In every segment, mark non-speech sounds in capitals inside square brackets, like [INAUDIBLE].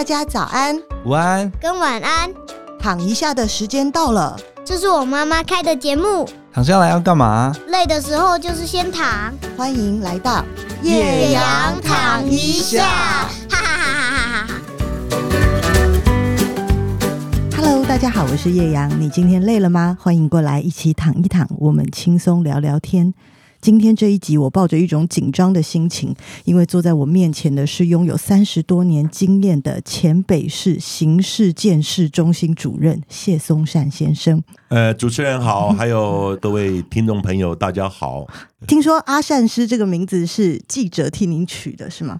大家早安，午安，跟晚安。躺一下的時間到了，這是我媽媽開的節目。躺下來要幹嘛？累的時候就是先躺。歡迎來到葉揚躺一下，哈哈哈哈哈哈。Hello，大家好，我是葉揚。你今天累了嗎？歡迎過來一起躺一躺，我們輕鬆聊聊天。今天這一集，我抱着一種緊張的心情，因為坐在我面前的是擁有三十多年經驗的前北市刑事鑑識中心主任謝松善先生。呃，主持人好，還有各位聽眾朋友，大家好。聽說阿善師這個名字是記者替您取的，是嗎？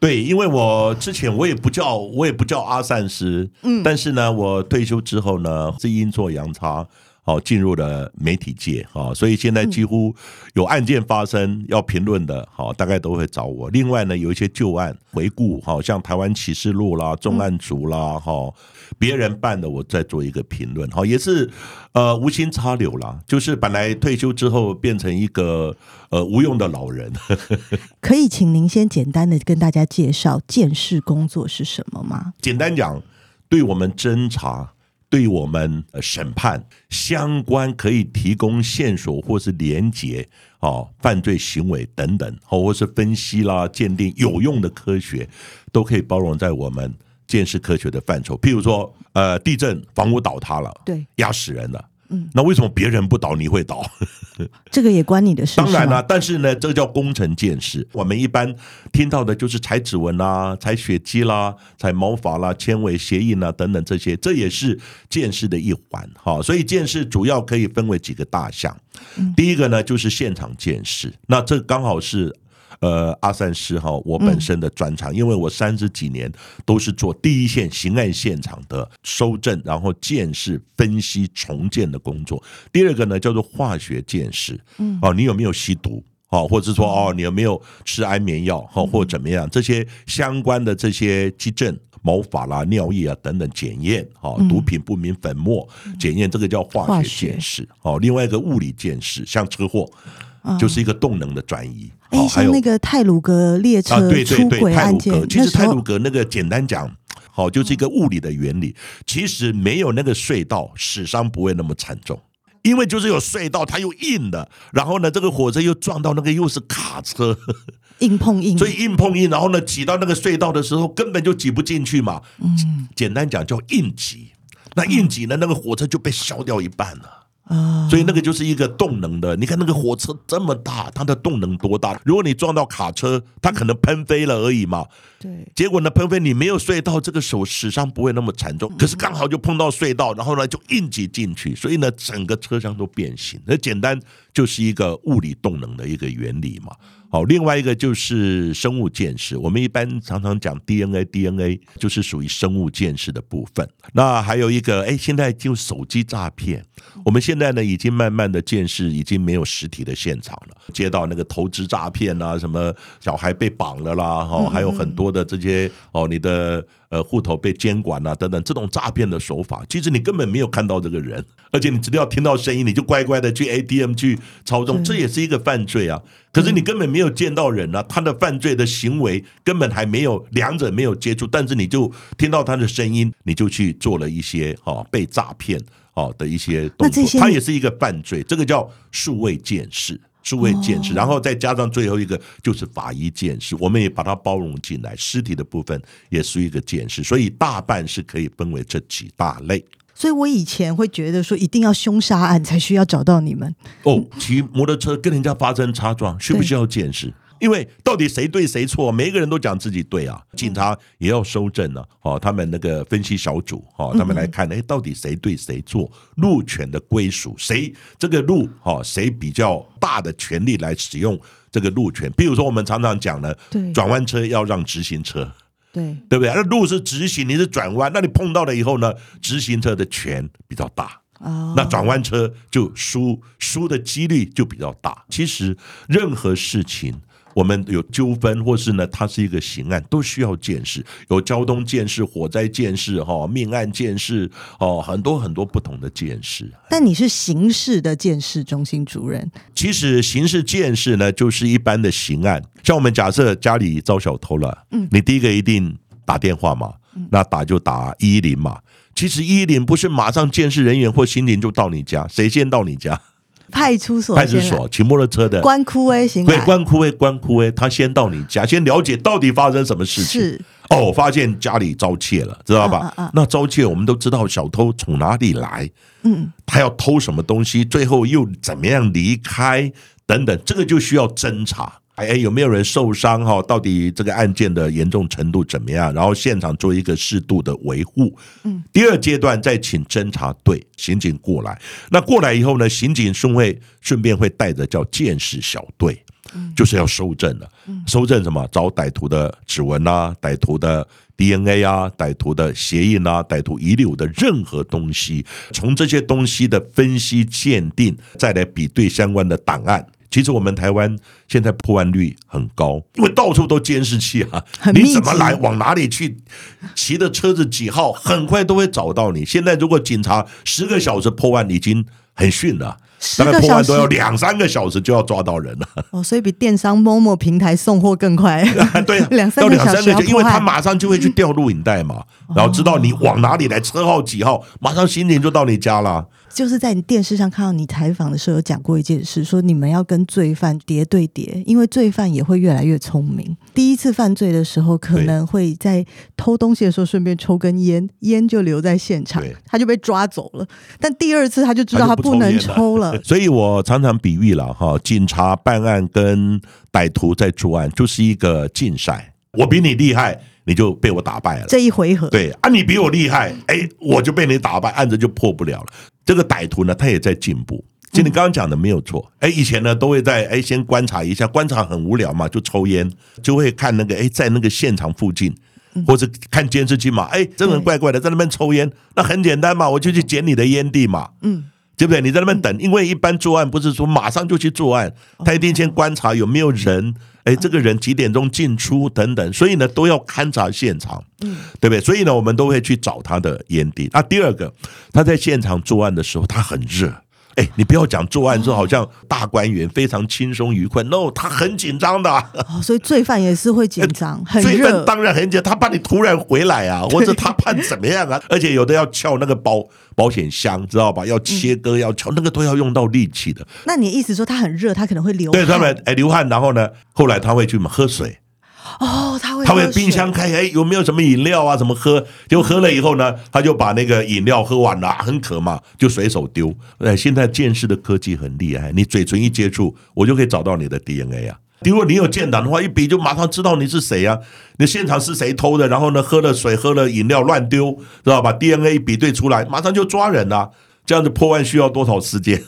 對，因為我之前我也不叫我也不叫阿善師，嗯，但是呢，我退休之後呢，是陰錯陽差。好，進入了媒體界，所以現在幾乎有案件發生要評論的，好、嗯，大概都會找我。另外呢，有一些舊案回顧，好像台灣啟示錄啦、重案組啦，哈、嗯，別人辦的，我再做一個評論，好，也是呃無心插柳啦，就是本來退休之後變成一個呃無用的老人呵呵。可以請您先簡單的跟大家介紹鑑識工作是什麼嗎？簡單講，對我們偵查。對於我們呃審判相關可以提供線索或是連接哦犯罪行為等等，或者是分析啦鑑定有用的科學，都可以包容在我們鑑識科學的範疇。譬如說呃地震房屋倒塌了，對，壓死人了。嗯，那為什麼別人不倒你會倒？ [LAUGHS] 這個也關你的事。當然了，是但是呢，這叫工程鑑識。我們一般聽到的就是採指紋啦、啊、採血跡啦、啊、採毛髮啦、啊、纖維鞋印啦、啊、等等這些，這也是鑑識的一環。哈，所以鑑識主要可以分為幾個大項，嗯。第一個呢，就是現場鑑識。那這剛好是。呃，阿善師哈，我本身的專長、嗯，因為我三十幾年都是做第一線刑案現場的蒐證，然後鑑識分析重建的工作。第二個呢，叫做化學鑑識，嗯、哦，你有沒有吸毒？哦，或者說哦，你有沒有吃安眠藥？哦，或怎麼樣？這些相關的這些跡證、毛髮啦、尿液啊等等檢驗，哦，毒品不明粉末檢驗、嗯，這個叫化學鑑識。哦，另外一個物理鑑識，像車禍、嗯，就是一個動能的轉移。還有那個太魯閣列車，哦啊、對、對、對，太魯閣，其實太魯閣那個簡單講，好，就是一個物理的原理。其實沒有那個隧道，死傷不會那麼慘重，因為就是有隧道，它又硬的，然後呢，這個火車又撞到那個又是卡車，硬碰硬，所以硬碰硬，然後呢擠到那個隧道的時候，根本就擠不進去嘛。嗯，簡單講叫硬擠，那硬擠呢，那個火車就被削掉一半了。 [NOISE] 所以那個就是一個動能的，你看那個火車這麼大，它的動能多大？如果你撞到卡車，它可能噴飛了而已嘛。對，結果呢？鵬飛，你沒有隧道，這個手損傷不會那麼慘重。可是剛好就碰到隧道，然後呢就應急進去，所以呢整個車廂都變形。那簡單就是一個物理動能的一個原理嘛。好，另外一個就是生物鑑識。我們一般常常講 DNA，DNA DNA 就是屬於生物鑑識的部分。那還有一個，哎，現在就手機詐騙。我們現在呢已經慢慢的鑑識已經沒有實體的現場了，接到那個投資詐騙啦、啊，什麼小孩被綁了啦，哈、哦，還有很多。的這些哦，你的呃戶頭被監管啊等等，這種詐騙的手法，其實你根本沒有看到這個人，而且你只要聽到聲音，你就乖乖的去 ATM 去操縱，這也是一個犯罪啊。可是你根本沒有見到人啊，他的犯罪的行為根本還沒有兩者沒有接觸，但是你就聽到他的聲音，你就去做了一些哦，被詐騙哦的一些動作，他也是一個犯罪，這個叫數位鑑識。數位鑑識，然後再加上最後一個就是法醫鑑識，我們也把它包容進來。屍體的部分也屬於一個鑑識，所以大半是可以分為這幾大類。所以我以前會覺得說，一定要兇殺案才需要找到你們。哦，騎摩托車跟人家發生擦撞，需不需要鑑識？因為到底誰對誰錯，每一個人都講自己對啊。警察也要搜證呢、啊，哦，他們那個分析小組，哦，他們來看，哎、嗯，到底誰對誰錯？路權的歸屬，誰這個路，哦，誰比較大的權利來使用這個路權？比如說我們常常講的，轉彎車要讓直行車，對，對不對？那路是直行，你是轉彎，那你碰到了以後呢，直行車的權比較大哦。那轉彎車就輸，輸的幾率就比較大。其實任何事情。我們有糾紛，或是呢，它是一個刑案，都需要鑑識。有交通鑑識、火災鑑識、哈、哦、命案鑑識，哦，很多很多不同的鑑識。但你是刑事的鑑識中心主任。其實刑事鑑識呢，就是一般的刑案。像我們假設家裡遭小偷了，嗯，你第一個一定打電話嘛，嗯、那打就打一一零嘛。其實一一零不是馬上鑑識人員或刑警就到你家，誰先到你家？派出所，派出所，騎摩托車的。關枯威，行。對，關枯威，關枯威，他先到你家，先了解到底發生什麼事情。是，哦，發現家裡遭竊了，知道吧？啊啊啊那遭竊，我們都知道小偷從哪裡來，嗯，他要偷什麼東西，最後又怎麼樣離開等等，這個就需要偵查。.哎，有沒有人受傷哈？到底這個案件的嚴重程度怎麼樣？然後現場做一個適度的維護。嗯，第二階段再請偵查隊、刑警過來。那過來以後呢，刑警順位順便會帶着叫鑑識小隊、嗯，就是要蒐證了。蒐、嗯、證什麼？找歹徒的指紋啊，歹徒的 DNA 啊，歹徒的鞋印啊，歹徒遺留的任何東西。從這些東西的分析鑑定，再來比對相關的檔案。其實我們台灣現在破案率很高，因為到處都監視器啊，你怎麼來，往哪裡去，騎的車子幾號，很快都會找到你。現在如果警察十個小時破案，已經很遜了。十個小時，大概破案都要兩三個小時就要抓到人了哦，所以比電商某某 momo 平台送貨更快。啊、對、啊，兩三個小時，因為他馬上就會去調錄影帶嘛、嗯，然後知道你往哪裡來，車號幾號，嗯、馬上刑警就到你家了。就是在你電視上看到你採訪的時候，有講過一件事，說你們要跟罪犯疊對疊，因為罪犯也會越來越聰明。第一次犯罪的時候，可能會在偷東西的時候順便抽根煙，煙就留在現場，他就被抓走了。但第二次他就知道他不能抽了。所以我常常比喻了哈，警察辦案跟歹徒在作案就是一個競賽，我比你厲害，你就被我打敗了，這一回合。對啊，你比我厲害，哎、嗯，我就被你打敗，案子就破不了了。嗯、這個歹徒呢，他也在進步。就你剛剛講的沒有錯，哎，以前呢都會在哎先觀察一下，觀察很無聊嘛，就抽菸，就會看那個哎在那個現場附近，或者看監視器嘛，哎，這個人怪怪的、嗯，在那邊抽菸，那很簡單嘛，我就去撿你的菸蒂嘛，嗯。對不對？你在那邊等，因為一般作案不是說馬上就去作案，他一定先觀察有沒有人。哎，這個人幾點鐘進出等等，所以呢都要勘察現場，對不對？所以呢，我們都會去找他的菸蒂。那、啊、第二個，他在現場作案的時候，他很熱。哎、欸，你不要講作案之後好像大官員、嗯、非常輕鬆愉快，no，他很緊張的、啊。哦，所以罪犯也是會緊張，欸、很罪犯當然很緊張，他怕你突然回來啊，或者他怕怎麼樣啊？而且有的要撬那個保保險箱，知道吧？要切割，嗯、要撬，那個都要用到力氣的。那你意思說他很熱，他可能會流汗？對他們哎、欸，流汗，然後呢，後來他會去嘛喝水。哦，他會他會冰箱開，哎，有沒有什麼飲料啊？怎麼喝？就喝了以後呢，他就把那個飲料喝完了，很渴嘛，就隨手丟。哎，現在鑑識的科技很厲害，你嘴唇一接觸，我就可以找到你的 DNA 啊。如果你有建檔的話，一比就馬上知道你是誰啊。你現場是誰偷的？然後呢，喝了水，喝了飲料亂丟，知道吧？DNA 比對出來，馬上就抓人吶、啊。這樣子破案需要多少時間？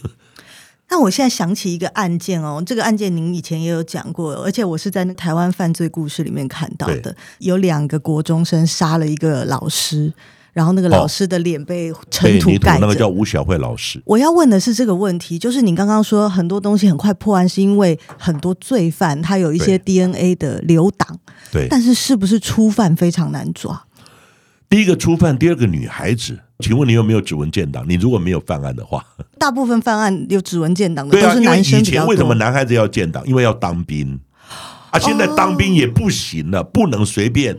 那我現在想起一個案件哦，這個案件您以前也有講過，而且我是在《台灣犯罪故事》裡面看到的，有兩個國中生殺了一個老師，然後那個老師的臉被塵土蓋着。那個叫吳曉慧老師。我要問的是這個問題，就是你剛剛說很多東西很快破案，是因為很多罪犯他有一些 DNA 的留檔，對。但是是不是初犯非常難抓？第一個初犯，第二個女孩子，請問你有沒有指紋建檔？你如果沒有犯案的話，大部分犯案有指紋建檔的對、啊、都是男生。因為以前為什麼男孩子要建檔？因為要當兵啊！現在當兵也不行了，不能隨便，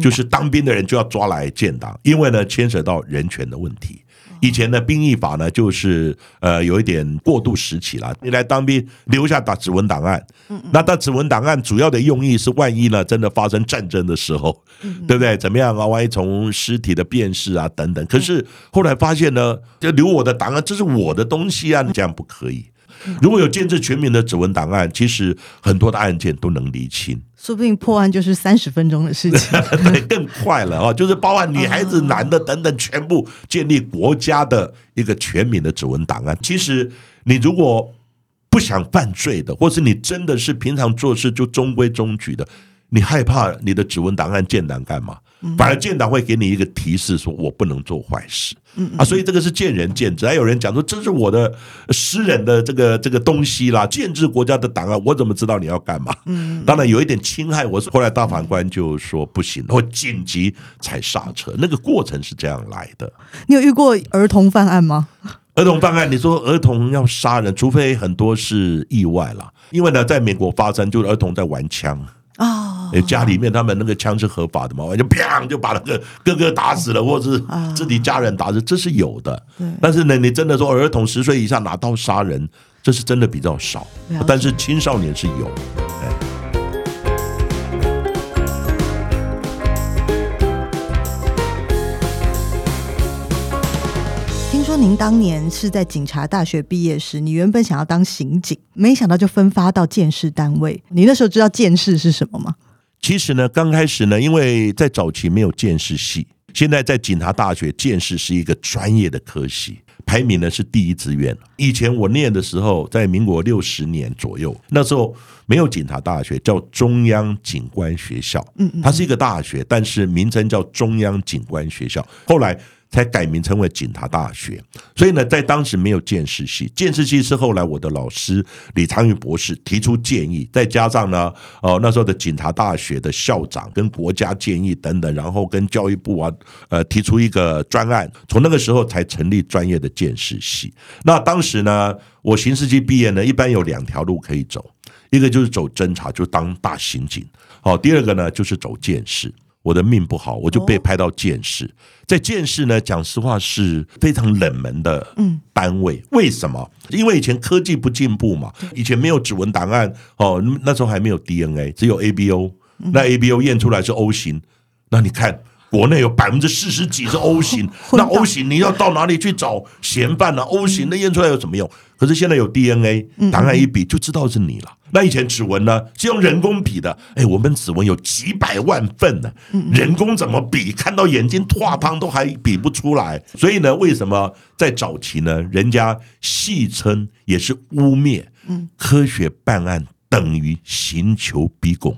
就是當兵的人就要抓來建檔。因為呢，牽涉到人權的問題。以前的兵役法呢，就是呃有一點過度時期了。你來當兵，留下打指紋檔案，那打指紋檔案主要的用意是，萬一呢真的發生戰爭的時候，對不對？怎麼樣啊？萬一從屍體的辨識啊等等，可是後來發現呢，就留我的檔案，這是我的東西啊，你這樣不可以。如果有建制全民的指紋檔案，其實很多的案件都能釐清，說不定破案就是三十分鐘的事情， [LAUGHS] 對，更快了啊。就是包括女孩子、男的等等，全部建立國家的一個全民的指紋檔案。其實你如果不想犯罪的，或是你真的是平常做事就中規中矩的，你害怕你的指紋檔案建檔幹嘛？反而建黨會給你一個提示，說我不能做壞事，嗯，嗯，啊，所以這個是見仁見智。還有人講說，這是我的私人的這個這個東西啦，建制國家的檔案，啊，我怎麼知道你要幹嘛？嗯嗯，當然有一點侵害我。後來大法官就說不行，我緊急踩剎車，那個過程是這樣來的。你有遇過兒童犯案嗎？兒童犯案，你說兒童要殺人，除非很多是意外啦，因為呢，在美國發生就是兒童在玩槍啊。哦哎，家裡面他們那個槍是合法的嘛？我就砰，就把那個哥哥打死了，或是自己家人打死，這是有的。對。但是呢，你真的說兒童十歲以上拿刀殺人，這是真的比較少。但是青少年是有。聽說您當年是在警察大學畢業時，你原本想要當刑警，沒想到就分發到鑑識單位。你那時候知道鑑識是什麼嗎？其實呢，剛開始呢，因為在早期沒有鑑識系，現在在警察大學，鑑識是一個專業的科系，排名呢是第一志願。以前我念的時候，在民國六十年左右，那時候沒有警察大學，叫中央警官學校，嗯嗯，它是一個大學，但是名稱叫中央警官學校。後來。才改名成為警察大學，所以呢，在當時沒有鑑識系，鑑識系是後來我的老師李昌鈺博士提出建議，再加上呢，哦，那時候的警察大學的校長跟國家建議等等，然後跟教育部啊，呃提出一個專案，從那個時候才成立專業的鑑識系。那當時呢，我刑事系畢業呢，一般有兩條路可以走，一個就是走偵查，就當大刑警，好、哦，第二個呢，就是走鑑識。我的命不好，我就被派到鑑識，在鑑識呢，講實話是非常冷門的單位、嗯。為什麼？因為以前科技不進步嘛，以前沒有指紋檔案，哦，那時候還沒有 DNA，只有 ABO，那 ABO 驗出來是 O 型，嗯、那你看國內有百分之四十幾是 O 型，那 O 型你要到哪裡去找嫌犯呢、啊嗯、？O 型那驗出來有什麼用？可是現在有 DNA，檔案一比就知道是你了。嗯嗯，那以前指紋呢，是用人工比的。哎，我們指紋有幾百萬份呢，啊，人工怎麼比？看到眼睛、脫窗，都還比不出來。所以呢，為什麼在早期呢，人家戲稱也是污衊，科學辦案等於刑求逼供。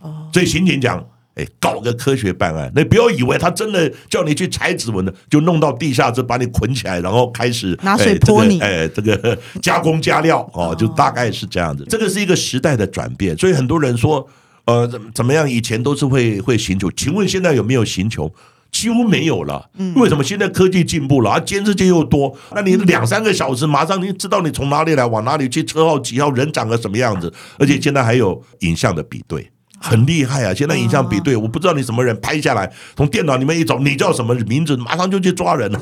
哦，嗯，所以刑警講。.哎，搞個科學辦案，你不要以為他真的叫你去採指紋的，就弄到地下室把你捆起來，然後開始拿水潑你，哎，這個、哎這個、加工加料哦，就大概是這樣子。這個是一個時代的轉變，所以很多人說，呃，怎，怎麼樣？以前都是會會刑求，請問現在有沒有刑求？幾乎沒有了。為什麼？現在科技進步了，啊，監視器又多，那你兩三個小時，馬上你知道你從哪裡來，往哪裡去，車號幾號，人長個什麼樣子，而且現在還有影像的比對。很厲害啊！現在影像比對，我不知道你什麼人，拍下來從電腦裡面一找，你叫什麼名字，馬上就去抓人啊。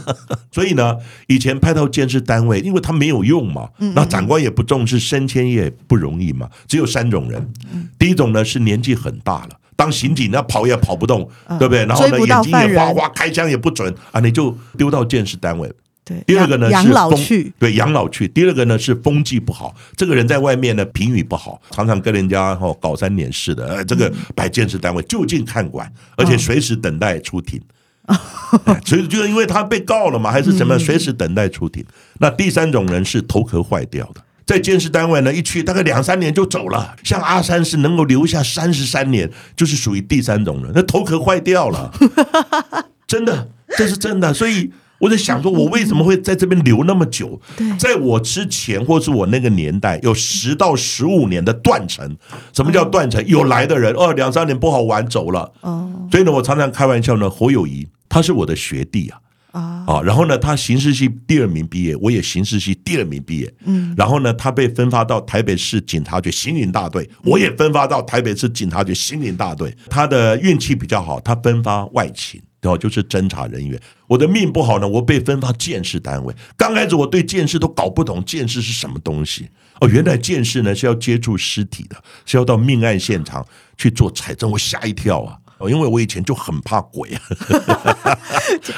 所以呢，以前派到鑑識單位，因為他沒有用嘛，那長官也不重視，升遷也不容易嘛。只有三種人，第一種呢是年紀很大了，當刑警那跑也跑不動，對不對？然後呢眼睛，也花花，開槍也不準啊，你就丟到鑑識單位。對，第二個呢是風對養老去。第二個呢是風氣不好，這個人在外面呢評語不好，常常跟人家吼、哦、搞三年事的、哎。這個擺鑑識單位就近看管，而且隨時等待出庭。哦、哎、所以就是因為他被告了嘛，還是怎麼樣？隨時等待出庭、嗯。那第三種人是頭殼壞掉的，在鑑識單位呢一去大概兩三年就走了。像阿善是能夠留下三十三年，就是屬於第三種人，那頭殼壞掉了， [LAUGHS] 真的，這是真的，所以。我在想說，我為什麼會在這邊留那麼久？在我之前或是我那個年代，有十到十五年的斷層。什麼叫斷層？有來的人，哦，兩三年不好玩，走了。所以呢，我常常開玩笑呢。侯友宜他是我的學弟啊，啊，然後呢，他刑事系第二名畢業，我也刑事系第二名畢業。嗯，然後呢，他被分發到台北市警察局刑警大隊，我也分發到台北市警察局刑警大隊。他的運氣比較好，他分發外勤。對啊，就是偵查人員。我的命不好呢，我被分到鑑識單位。剛開始我對鑑識都搞不懂，鑑識是什麼東西？哦，原來鑑識呢是要接觸屍體的，是要到命案現場去做採證。我嚇一跳啊，哦，因為我以前就很怕鬼啊， [LAUGHS] 很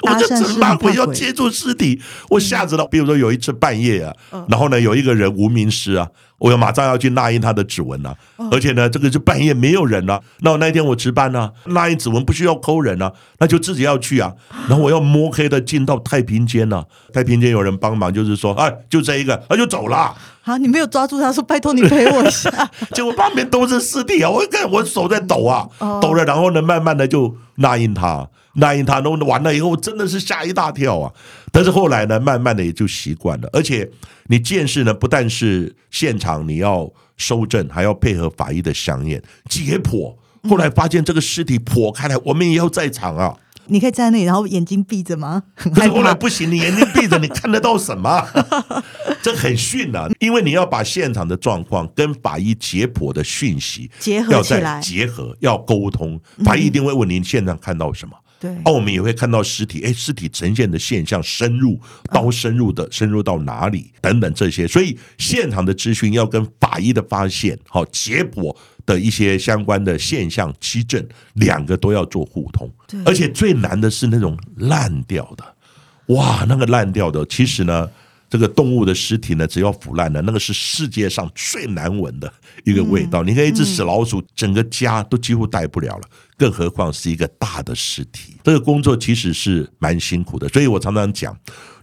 鬼 [LAUGHS] 我就只怕鬼，要接觸屍體，我嚇着了。比如說有一次半夜啊，嗯、然後呢，有一個人無名屍啊。我要馬上要去捺印他的指紋了、啊，而且呢，這個是半夜沒有人了。那我那天我值班呢、啊，捺印指紋不需要摳人呢、啊，那就自己要去啊。然後我要摸黑的進到太平間啊，太平間有人幫忙，就是說，哎，就這一個，他就走了。好、啊，你沒有抓住他說，拜托你陪我一下。 [LAUGHS] 結果旁邊都是屍體啊，我一看我手在抖啊，抖了，然後呢，慢慢的就捺印他，捺印他，然後完了以後，我真的是嚇一大跳啊。但是後來呢，慢慢的也就習慣了。而且你鑑識呢，不但是現場你要收證，還要配合法醫的相驗解剖。後來發現這個屍體剖開來、嗯，我們也要在場啊。你可以站在那裡，然後眼睛閉着嗎？可是後來不行，你眼睛閉着 [LAUGHS] 你看得到什麼？ [LAUGHS] 這很遜啊，因為你要把現場的狀況跟法醫解剖的訊息要再結合，結合要溝通，法醫一定會問你現場看到什麼。對，哦、啊，我們也會看到屍體，哎，屍體呈現的現象深入到深入的、嗯、深入到哪裡等等這些，所以現場的資訊要跟法醫的發現，好結果的一些相關的現象、跡證，兩個都要做互通。而且最難的是那種爛掉的，哇，那個爛掉的，其實呢。嗯這個動物的屍體呢，只要腐爛了，那個是世界上最難聞的一個味道。嗯、你看，一隻死老鼠，整個家都幾乎待不了了、嗯，更何況是一個大的屍體。這個工作其實是蠻辛苦的，所以我常常講，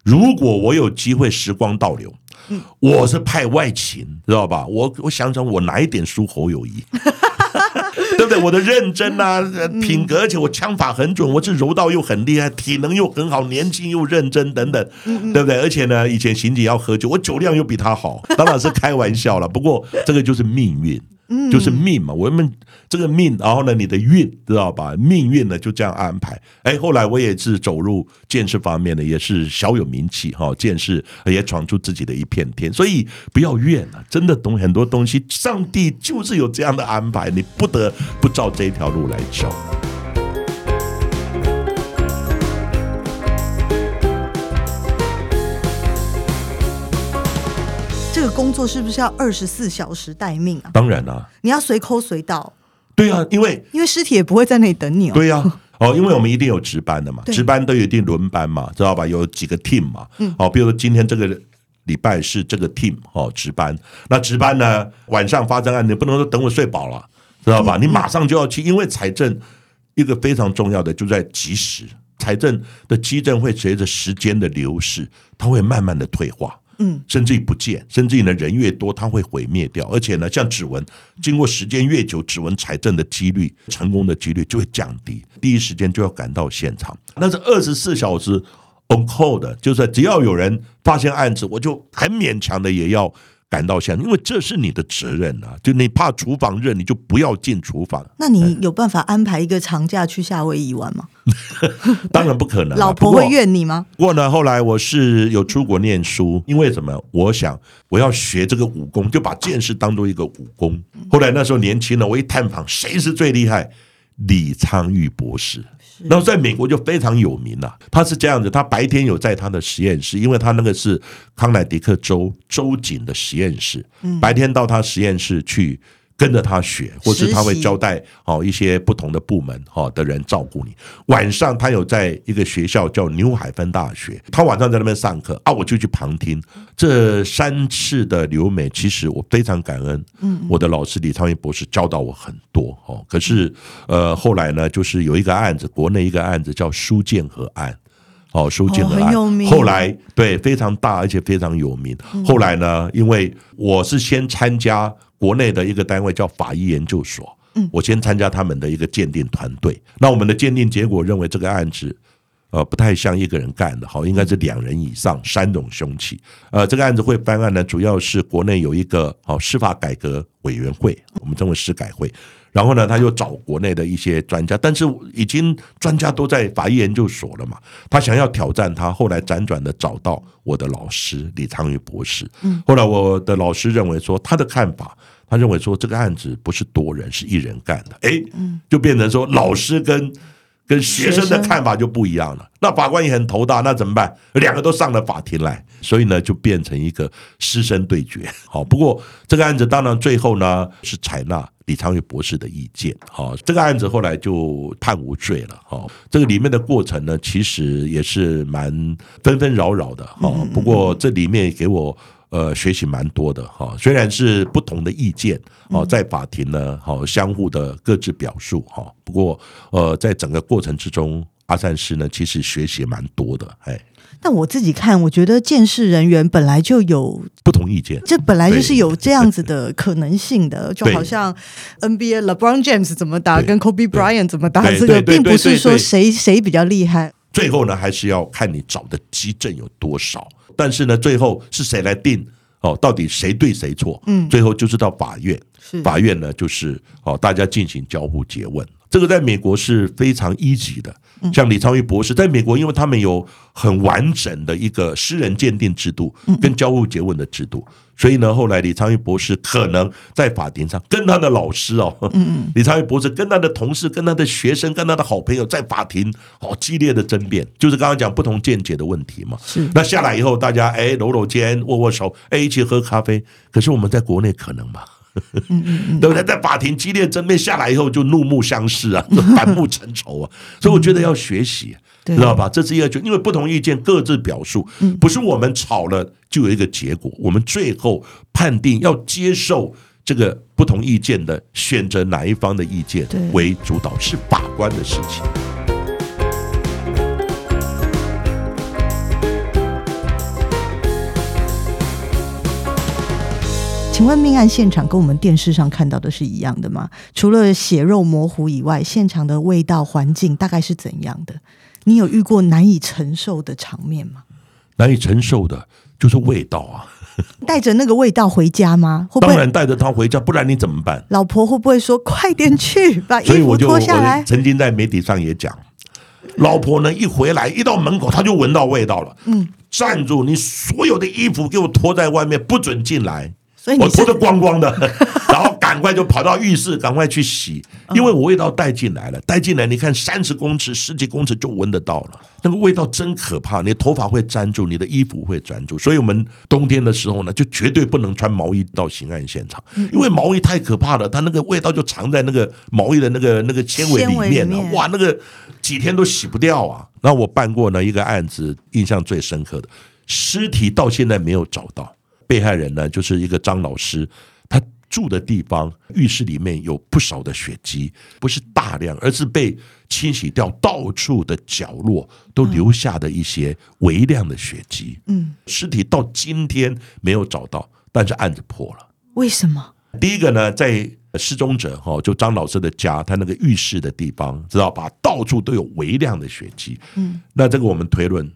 如果我有機會時光倒流，我是派外勤，知道吧？我我想想，我哪一點輸侯友宜？ [LAUGHS] 對不對？我的認真啊，品格，而且我槍法很準，我是柔道又很厲害，體能又很好，年輕又認真等等，對不對？而且呢，以前刑警要喝酒，我酒量又比他好，當然是開玩笑了。 [LAUGHS] 不過這個就是命運。就是命嘛，我們這個命，然後呢，你的運，知道吧？命運呢就這樣安排。哎，後來我也是走入鑑識方面呢，也是小有名氣哈，鑑識也闖出自己的一片天。所以不要怨了，真的懂很多東西，上帝就是有這樣的安排，你不得不照這條路來走。這個工作是不是要二十四小時待命啊？當然啦、啊，你要隨 call 隨到。對啊，因為因為屍體也不會在那裡等你哦、喔。對呀，哦，因為我們一定有值班的嘛，值班都有一定輪班嘛，知道吧？有幾個 team 嘛，嗯，哦，比如說今天這個禮拜是這個 team 哦值班，那值班呢、嗯、晚上發生案，你不能說等我睡飽了，知道吧、嗯？你馬上就要去，因為鑑識一個非常重要的就是在即時，鑑識的跡證會隨着時間的流逝，它會慢慢的退化。甚至於不見，甚至於呢，人越多，它會毀滅掉。而且呢，像指紋，經過時間越久，指紋採證的幾率、成功的幾率就會降低。第一時間就要趕到現場，那是二十四小時 on call 的，就是只要有人發現案子，我就很勉強的也要。.感到香，因為這是你的責任啊！就你怕廚房熱，你就不要進廚房。那你有辦法安排一個長假去夏威夷玩嗎？ [LAUGHS] 當然不可能， [LAUGHS] 老婆會怨你嗎？不，不過呢，後來我是有出國唸書，因為什麼？我想我要學這個武功，就把鑑識當做一個武功。後來那時候年輕呢，我一探訪誰是最厲害，李昌鈺博士。那麼在美國就非常有名了啊。他是這樣子，他白天有在他的實驗室，因為他那個是康乃狄克州州警的實驗室，白天到他實驗室去。跟着他學，或是他會交代好一些不同的部門好的人照顧你。晚上他有在一個學校叫牛海芬大學，他晚上在那邊上課啊，我就去旁聽。這三次的留美，其實我非常感恩，嗯，我的老師李昌鈺博士教導我很多哦。可是呃後來呢，就是有一個案子，國內一個案子叫蘇建和案，哦，蘇建和案，哦，很有名。後來，對非常大而且非常有名。後來呢，因為我是先參加。國內的一個單位叫法醫研究所，嗯，我先參加他們的一個鑑定團隊。那我們的鑑定結果認為這個案子，呃，不太像一個人幹的，好，應該是兩人以上，三種兇器。呃，這個案子會翻案呢，主要是國內有一個好、哦、司法改革委員會，我們稱為“司改會”。然後呢，他又找國內的一些專家，但是已經專家都在法醫研究所了嘛？他想要挑戰他，他後來輾轉的找到我的老師李昌鈺博士。嗯，後來我的老師認為說，他的看法。他認為說這個案子不是多人，是一人幹的。哎，就變成說老師跟跟學生的看法就不一樣了。那法官也很頭大，那怎麼辦？兩個都上了法庭來，所以呢，就變成一個師生對決。好， [LAUGHS] 不過這個案子當然最後呢是採納李昌鈺博士的意見。好，這個案子後來就判無罪了。好，這個裡面的過程呢，其實也是蠻紛紛擾擾的。好、嗯嗯嗯，不過這裡面給我。呃，學習蠻多的哈、哦，雖然是不同的意見哦，在法庭呢，好、哦、相互的各自表述哈、哦。不過，呃，在整個過程之中，阿善師呢，其實學習蠻多的哎。但我自己看，我覺得鑑識人員本來就有不同意見，這本來就是有這樣子的可能性的，就好像 NBA LeBron James 怎麼打跟 Kobe Bryant 怎麼打，這個並不是說誰誰比較厲害。最後呢，還是要看你找的跡證有多少。但是呢，最後是誰來定哦？到底誰對誰錯？嗯，最後就是到法院。法院呢，就是哦，大家進行交互詰問。這個在美國是非常一級的，像李昌鈺博士在美國，因為他們有很完整的一個私人鑑定制度跟交互詰問的制度，所以呢，後來李昌鈺博士可能在法庭上跟他的老師哦，李昌鈺博士跟他的同事、跟他的學生、跟他的好朋友在法庭好、哦、激烈的爭辯，就是剛剛講不同見解的問題嘛。那下來以後，大家哎摟摟肩、握握手，哎一起喝咖啡。可是我們在國內可能嗎？對不對？在法庭激烈爭辯下來以後，就怒目相視啊，反目成仇啊。所以我覺得要學習、啊，嗯、知道吧？這是一個，因為不同意見各自表述，不是我們吵了就有一個結果。我們最後判定要接受這個不同意見的，選擇哪一方的意見為主導，是法官的事情。請問命案現場跟我們電視上看到的是一樣的嗎？除了血肉模糊以外，現場的味道環境大概是怎樣的？你有遇過難以承受的場面嗎？難以承受的就是味道啊！ [LAUGHS] 帶着那個味道回家嗎？會不會，當然帶着它回家，不然你怎麼辦？老婆會不會說：“嗯、快點去把衣服脫下來？”所以我就我曾經在媒體上也講，嗯、老婆呢一回來一到門口，她就聞到味道了。嗯，站住！你所有的衣服給我脫在外面，不准進來。我脫得光光的， [LAUGHS] 然後趕快就跑到浴室，趕快去洗，因為我味道帶進來了，帶進來你看三十公尺、十幾公尺就聞得到了，那個味道真可怕，你頭髮會粘住，你的衣服會粘住。所以我們冬天的時候呢，就絕對不能穿毛衣到刑案現場，因為毛衣太可怕了，它那個味道就藏在那個毛衣的那個那個纖維裡面了，哇，那個幾天都洗不掉啊。那我辦過呢一個案子，印象最深刻的，屍體到現在沒有找到。被害人呢，就是一個張老師，他住的地方浴室裡面有不少的血跡，不是大量，而是被清洗掉，到處的角落都留下的一些微量的血跡。嗯，屍體到今天沒有找到，但是案子破了。為什麼？第一個呢，在失蹤者哈，就張老師的家，他那個浴室的地方，知道吧？到處都有微量的血跡。嗯，那這個我們推論，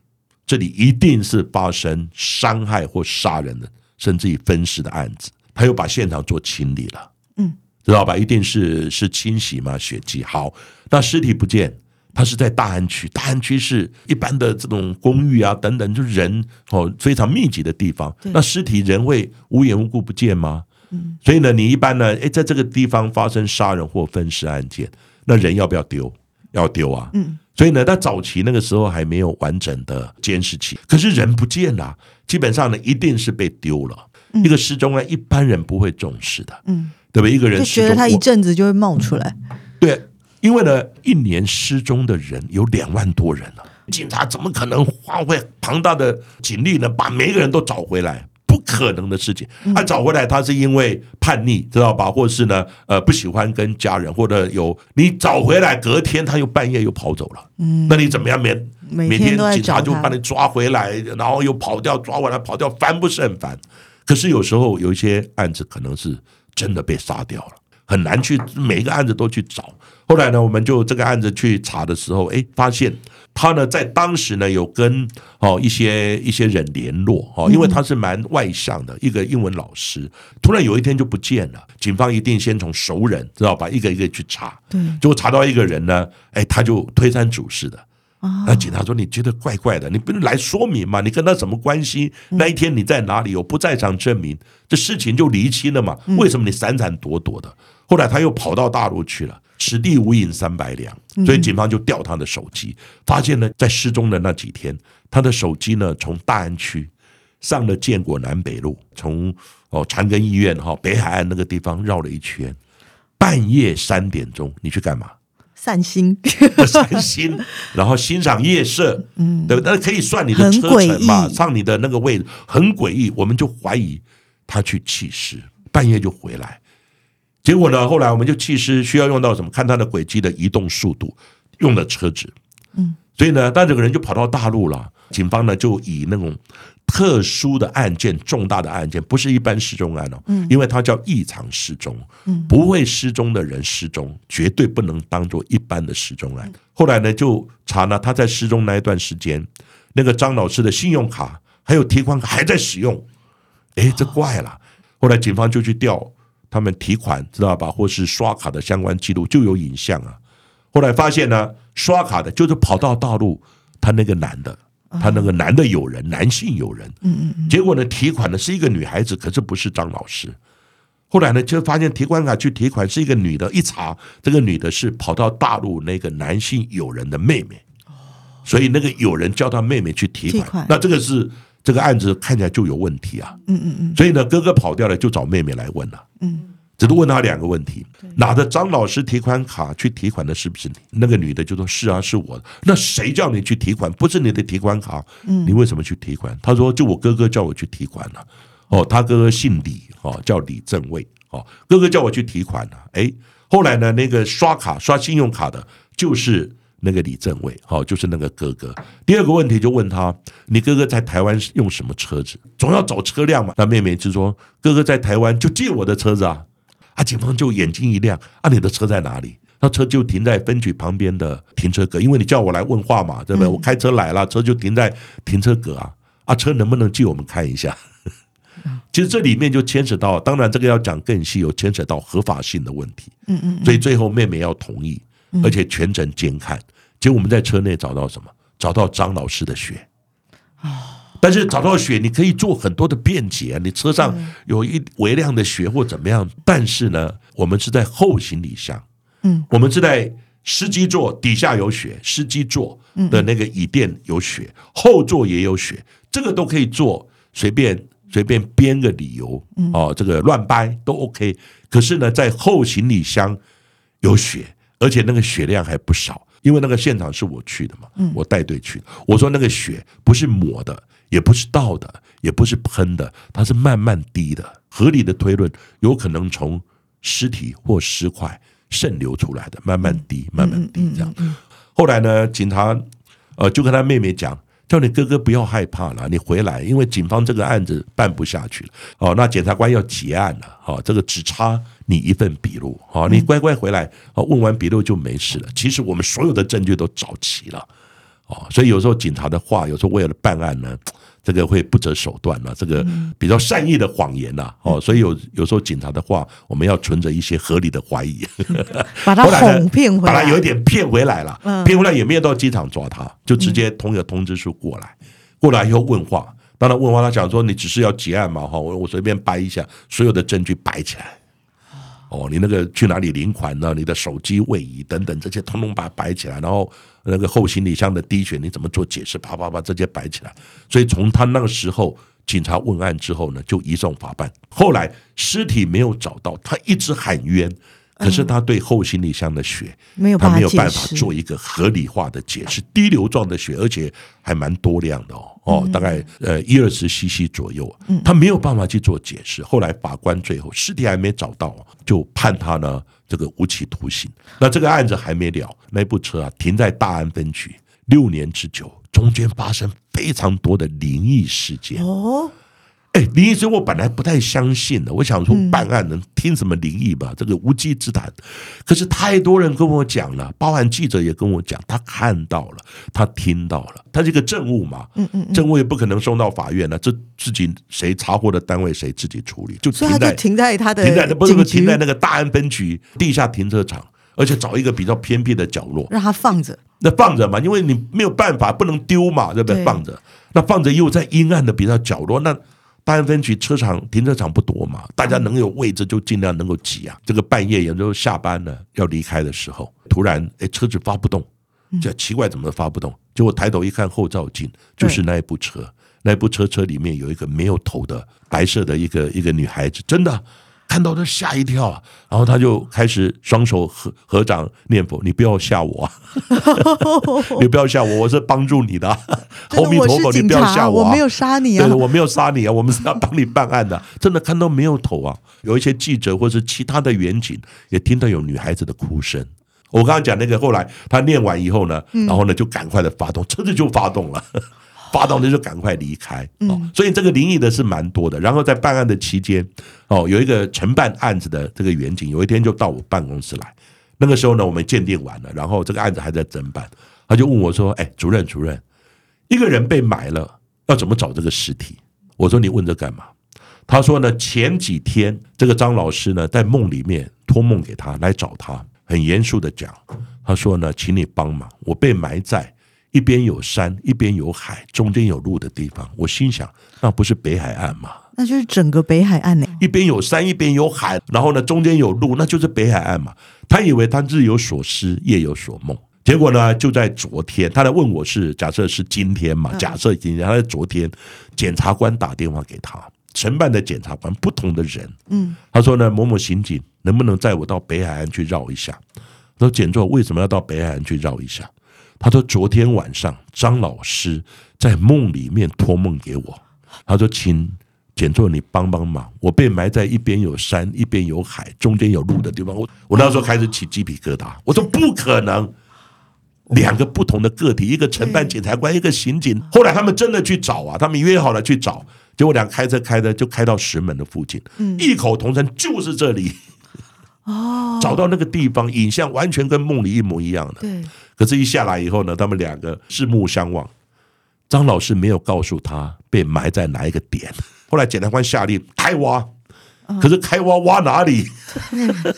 這裡一定是發生傷害或殺人的。甚至於分屍的案子，他又把現場做清理了，嗯，知道吧？一定是是清洗嘛，血跡。好，那屍體不見，他是在大安區，大安區是一般的這種公寓啊，等等，就是人哦非常密集的地方。那屍體人會無緣無故不見嗎？嗯，所以呢，你一般呢，欸，在這個地方發生殺人或分屍案件，那人要不要丟？要丟啊。嗯，所以呢，他早期那個時候還沒有完整的監視器，可是人不見了啊。基本上呢，一定是被丟了。一個失蹤呢，嗯、一般人不會重視的，嗯，對吧？一個人覺得他一陣子就會冒出來，嗯。對，因為呢，一年失蹤的人有兩萬多人呢、啊。警察怎麼可能花費龐大的警力呢，把每個人都找回來？不可能的事情。他、啊、找回來，他是因為叛逆，知道吧？嗯、或者是呢，呃，不喜歡跟家人，或者有你找回來，隔天他又半夜又跑走了。嗯，那你怎麼樣？沒？每天警察就把你抓回來，然後又跑掉，抓回來跑掉，煩不勝煩。可是有時候有一些案子可能是真的被殺掉了，很難去每一個案子都去找。後來呢，我們就這個案子去查的時候，哎，發現他呢在當時呢有跟哦一些一些人聯絡哦，因為他是蠻外向的、嗯、一個英文老師，突然有一天就不見了。警方一定先從熟人知道吧，一個一個去查，結果查到一個人呢，哎，他就推三阻四的。那警察說：“你覺得怪怪的，你不是來說明嗎？你跟他什麼關係？那一天你在哪裡？有不在場證明，這事情，就釐清了嘛？為什麼你閃閃躲躲的？後來他又跑到大陸去了，此地無銀三百兩，所以警方就調他的手機，發現呢，在失蹤的那幾天，他的手機呢，從大安區上了建國南北路，從哦長庚醫院哈北海岸那個地方繞了一圈，半夜三點鐘，你去幹嘛？”散心，散心，然後欣賞夜色，嗯，對，那可以算你的車程嘛？上你的那個位置很詭異，我們就懷疑他去棄屍，半夜就回來。結果呢，後來我們就棄屍需要用到什麼？看他的軌跡的移動速度，用的車子，嗯，所以呢，但這個人就跑到大陸了。警方呢，就以那種。特殊的案件，重大的案件，不是一般失蹤案哦，嗯、因為它叫異常失蹤、嗯，不會失蹤的人失蹤，絕對不能當做一般的失蹤案。嗯、後來呢，就查呢，他在失蹤那一段時間，那個張老師的信用卡還有提款卡還在使用，誒，這怪了、哦。後來警方就去調他們提款，知道吧？或是刷卡的相關記錄就有影像啊。後來發現呢，刷卡的就是跑到大陸他那個男的。他那個男的友人，男性友人，嗯，嗯，嗯，結果呢，提款的是一個女孩子，可是不是張老師。後來呢，就發現提款卡去提款是一個女的，一查這個女的是跑到大陸那個男性友人的妹妹，所以那個友人叫她妹妹去提款，哦、那這個是這個案子看起來就有問題啊，嗯嗯嗯，所以呢，哥哥跑掉了就找妹妹來問了、啊，嗯。只是問他兩個問題：拿着張老師提款卡去提款的是不是你？那個女的就說：“是啊，是我。”那誰叫你去提款？不是你的提款卡，嗯，你為什麼去提款？嗯、他說：“就我哥哥叫我去提款了、啊。”哦，他哥哥姓李，哦，叫李正衛，哦，哥哥叫我去提款了、啊。誒，後來呢，那個刷卡刷信用卡的就是那個李正衛，哦，就是那個哥哥。第二個問題就問他：“你哥哥在台灣用什麼車子？總要找車輛嘛。”他妹妹就說：“哥哥在台灣就借我的車子啊。”啊！警方就眼睛一亮，啊，你的車在哪裡？那車就停在分局旁邊的停車格，因為你叫我來問話嘛，對不對？嗯、我開車來了，車就停在停車格啊！啊，車能不能借我們看一下？ [LAUGHS] 其實這裡面就牽扯到，當然這個要講更細，有牽扯到合法性的問題。嗯，嗯嗯。所以最後妹妹要同意，而且全程監看。結果我們在車內找到什麼？找到張老師的血。但是找到血，你可以做很多的辯解。你車上有一微量的血或怎麼樣？但是呢，我們是在後行李箱，嗯，我們是在司機座底下有血，司機座的那個椅墊有血，後座也有血，這個都可以做隨便隨便編個理由，哦，這個亂掰都 OK。可是呢，在後行李箱有血，而且那個血量還不少，因為那個現場是我去的嘛，我帶隊去，我說那個血不是抹的。也不是倒的，也不是噴的，它是慢慢滴的。合理的推論，有可能從屍體或屍塊滲流出來的，慢慢滴，慢慢滴這樣。後來呢，警察呃就跟他妹妹講：“叫你哥哥不要害怕了，你回來，因為警方這個案子辦不下去了。哦，那檢察官要結案了，哦，這個只差你一份筆錄，哦，你乖乖回來，哦，問完筆錄就沒事了。其實我們所有的證據都找齊了。”哦，所以有時候警察的話，有時候為了辦案呢，這個會不擇手段啊。這個比較善意的謊言吶、啊嗯，哦，所以有有時候警察的話，我們要存着一些合理的懷疑，嗯、把他哄騙， [LAUGHS] 哄騙回來，把他有一點騙回來了、嗯，騙回來也沒有到機場抓他，就直接通個通知書過來，嗯、過來以後問話。當然問他問話，他講說：“你只是要結案嘛，哈，我我隨便掰一下，所有的證據擺起來。”哦，你那個去哪裡領款呢？你的手機位移等等這些，通通把它擺起來，然後，那個後行李箱的滴血，你怎麼做解釋？啪啪啪，直接擺起來。所以從他那個時候，警察問案之後呢，就移送法辦。後來屍體沒有找到，他一直喊冤，可是他對後行李箱的血，嗯，他沒有辦法做一個合理化的解釋，滴流狀的血，而且還蠻多量的哦，嗯、哦大概呃一二十 CC 左右，嗯，他沒有辦法去做解釋。後來法官最後屍體還沒找到，就判他呢。這個無期徒刑，那這個案子，還沒了，那部車啊，停在大安分局六年之久，中間發生非常多的靈異事件。哦哎，靈異，我本來不太相信的，我想說辦案能聽什麼靈異吧、嗯，這個無稽之談。可是太多人跟我講了，包含記者也跟我講，他看到了，他聽到了，他這個證物嘛，證、嗯、物、嗯嗯、也不可能送到法院了，這自己誰查獲的單位誰自己處理，就停在，就停，在，停，在就停在他的，停在不停在那個大安分局地下停車場，而且找一個比較偏僻的角落，讓他放着，那放着嘛，因為你沒有辦法不能丟嘛，這邊放着，那放着又在陰暗的比較角落那。大安分局車場停車場不多嘛，大家能有位置就盡量能夠擠啊。嗯、這個半夜也就下班了，要離開的時候，突然誒車子發不動，這奇怪怎麼發不動？結果抬頭一看後照鏡，就是那一部車，那一部車車裡面有一個沒有頭的白色的一個一個女孩子，真的。看到都嚇一跳，然後他就開始雙手合合掌念佛。你不要嚇我、啊， [LAUGHS] [LAUGHS] 你不要嚇我，我是幫助你的、啊。阿彌陀佛，你不要嚇我，我沒有殺你啊，我沒有殺你啊，我，你啊 [LAUGHS] 我們是要幫你辦案的。真的看到沒有頭啊？有一些記者或者是其他的員警也聽到有女孩子的哭聲。我剛剛講那個，後來他念完以後呢，嗯、然後呢就趕快的發動，真的就發動了。 [LAUGHS] 發到的就趕快離開。嗯、哦，所以這個靈異的事蠻多的。然後在辦案的期間，哦，有一個承辦案子的這個員警，有一天就到我辦公室來。那個時候呢，我們鑑定完了，然後這個案子還在偵辦。他就問我說：“哎、欸，主任，主任，一個人被埋了，要怎麼找這個屍體？”我說：“你問這幹嘛？”他說：“呢，前幾天這個張老師呢，在夢裡面托夢給他來找他，很嚴肅的講，他說呢，請你幫忙，我被埋在。”一邊有山，一邊有海，中間有路的地方，我心想，那不是北海岸嗎？那就是整個北海岸呢。一邊有山，一邊有海，然後呢，中間有路，那就是北海岸嘛。他以為他日有所思，夜有所夢。結果呢，就在昨天，他來問我是，假設是今天嘛？假設已經，他在昨天，檢察官打電話給他，承辦的檢察官，不同的人，嗯，他說呢，某某刑警，能不能載我到北海岸去繞一下？他說檢座為什麼要到北海岸去繞一下？他說：“昨天晚上，張老師在夢裡面托夢給我。他說：‘請，簡座，你幫幫忙！我被埋在一邊有山，一邊有海，中間有路的地方。’我我我那時候開始起雞皮疙瘩。哦、我說：‘不可能！’兩、哦、個不同的個體，一個承辦檢察官，一個刑警。後來他們真的去找啊，他們約好了去找。結果兩個開車開的就開到石門的附近，異、嗯、口同聲：‘就是這裡！’哦，找到那個地方，影像完全跟夢裡一模一樣的。”對。可是，一下來以後呢，他們兩個四目相望。張老師沒有告訴他被埋在哪一個點。後來檢察官下令開挖，可是開挖挖哪裡？嗯、 [LAUGHS]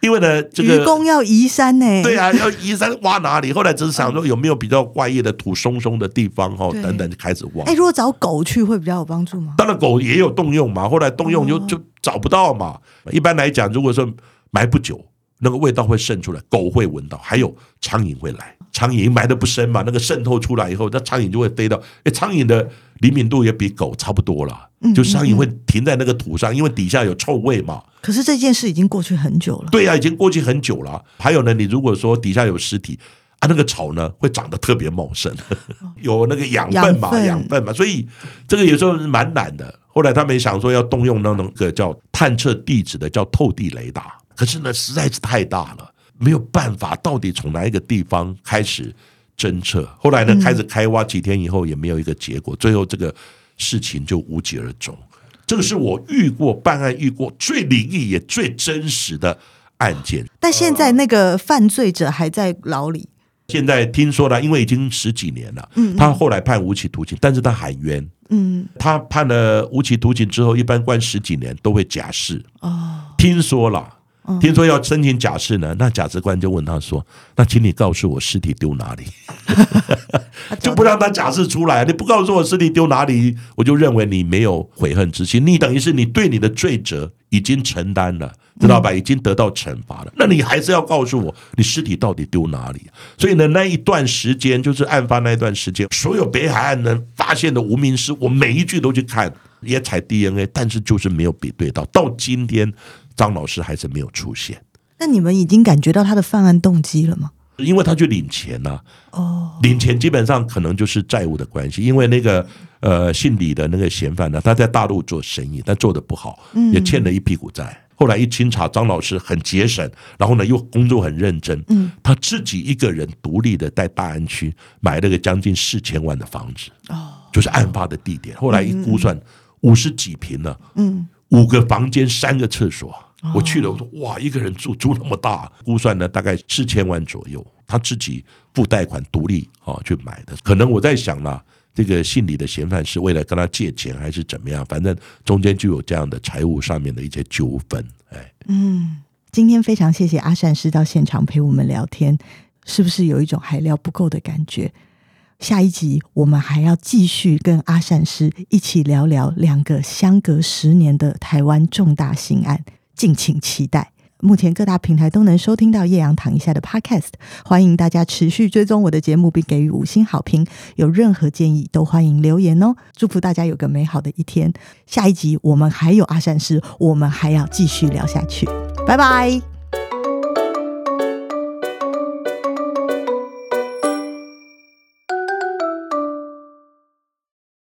因為呢，這個愚公要移山呢、欸，對啊，要移山挖哪裡？後來只是想說有沒有比較怪異的土鬆松的地方哈，等等就開始挖。哎、欸，如果找狗去會比較有幫助嗎？當然，狗也有動用嘛。後來動用就就找不到嘛。一般來講，如果說埋不久。那個味道會滲出來，狗會聞到，還有蒼蠅會來。蒼蠅埋得不深嘛，那個滲透出來以後，那蒼蠅就會飛到。哎、欸，蒼蠅的靈敏度也比狗差不多了、嗯，就蒼蠅會停在那個土上，因為底下有臭味嘛。可是這件事已經過去很久了。對呀、啊，已經過去很久了。還有呢，你如果說底下有屍體啊，那個草呢會長得特別茂盛， [LAUGHS] 有那個養分嘛養分，養分嘛。所以這個有時候是蠻難的。後來他們想說要動用那種個叫探測地質的叫透地雷達。可是呢，實在是太大了，沒有辦法。到底從哪一個地方開始偵測？後來呢，嗯，開始開挖，幾天以後也沒有一個結果。最後這個事情就無疾而終。這個是我遇過辦案遇過最靈異也最真實的案件。但現在那個犯罪者還在牢裡。呃，現在聽說了，因為已經十幾年了。嗯嗯。他後來判無期徒刑，但是他喊冤。嗯。他判了無期徒刑之後，一般關十幾年都會假釋。哦。聽說了。聽說要申請假釋呢，那假釋官就問他說：“那請你告訴我屍體丟哪裡？” [LAUGHS] 就不讓他假釋出來。你不告訴我屍體丟哪裡，我就認為你沒有悔恨之心。你等於是你對你的罪責已經承擔了，知道吧？已經得到懲罰了。那你還是要告訴我你屍體到底丟哪裡？所以呢，那一段時間就是案發那一段時間，所有北海岸人發現的無名屍，我每一具都去看，也採 DNA，但是就是沒有比對到。到今天，張老師還是沒有出現。那你們已經感覺到他的犯案動機了嗎？因為他去領錢了。哦，領錢基本上可能就是債務的關係。因為那個呃姓李的那個嫌犯呢，他在大陸做生意，但做得不好，也欠了一屁股債。後來一清查，張老師很節省，然後呢又工作很認真。嗯，他自己一個人獨立的在大安區買了個將近四千萬的房子。哦，就是案發的地點。後來一估算，五十幾坪呢。嗯，五個房間，三個廁所。我去了，我說哇，一個人住住那麼大，估算呢大概四千萬左右，他自己付貸款獨立啊、哦、去買的。可能我在想啦，這個姓李的嫌犯是為了跟他借錢，還是怎麼樣？反正中間就有這樣的財務上面的一些糾紛。哎，嗯，今天非常謝謝阿善師到現場陪我們聊天，是不是有一種還聊不夠的感覺？下一集我們還要繼續跟阿善師一起聊聊兩個相隔十年的台灣重大刑案。敬請期待。目前各大平台都能收聽到葉陽躺一下的 Podcast，歡迎大家持續追蹤我的節目，並給予五星好評。有任何建議都歡迎留言哦。祝福大家有個美好的一天。下一集我們還有阿善師，我們還要繼續聊下去。拜拜。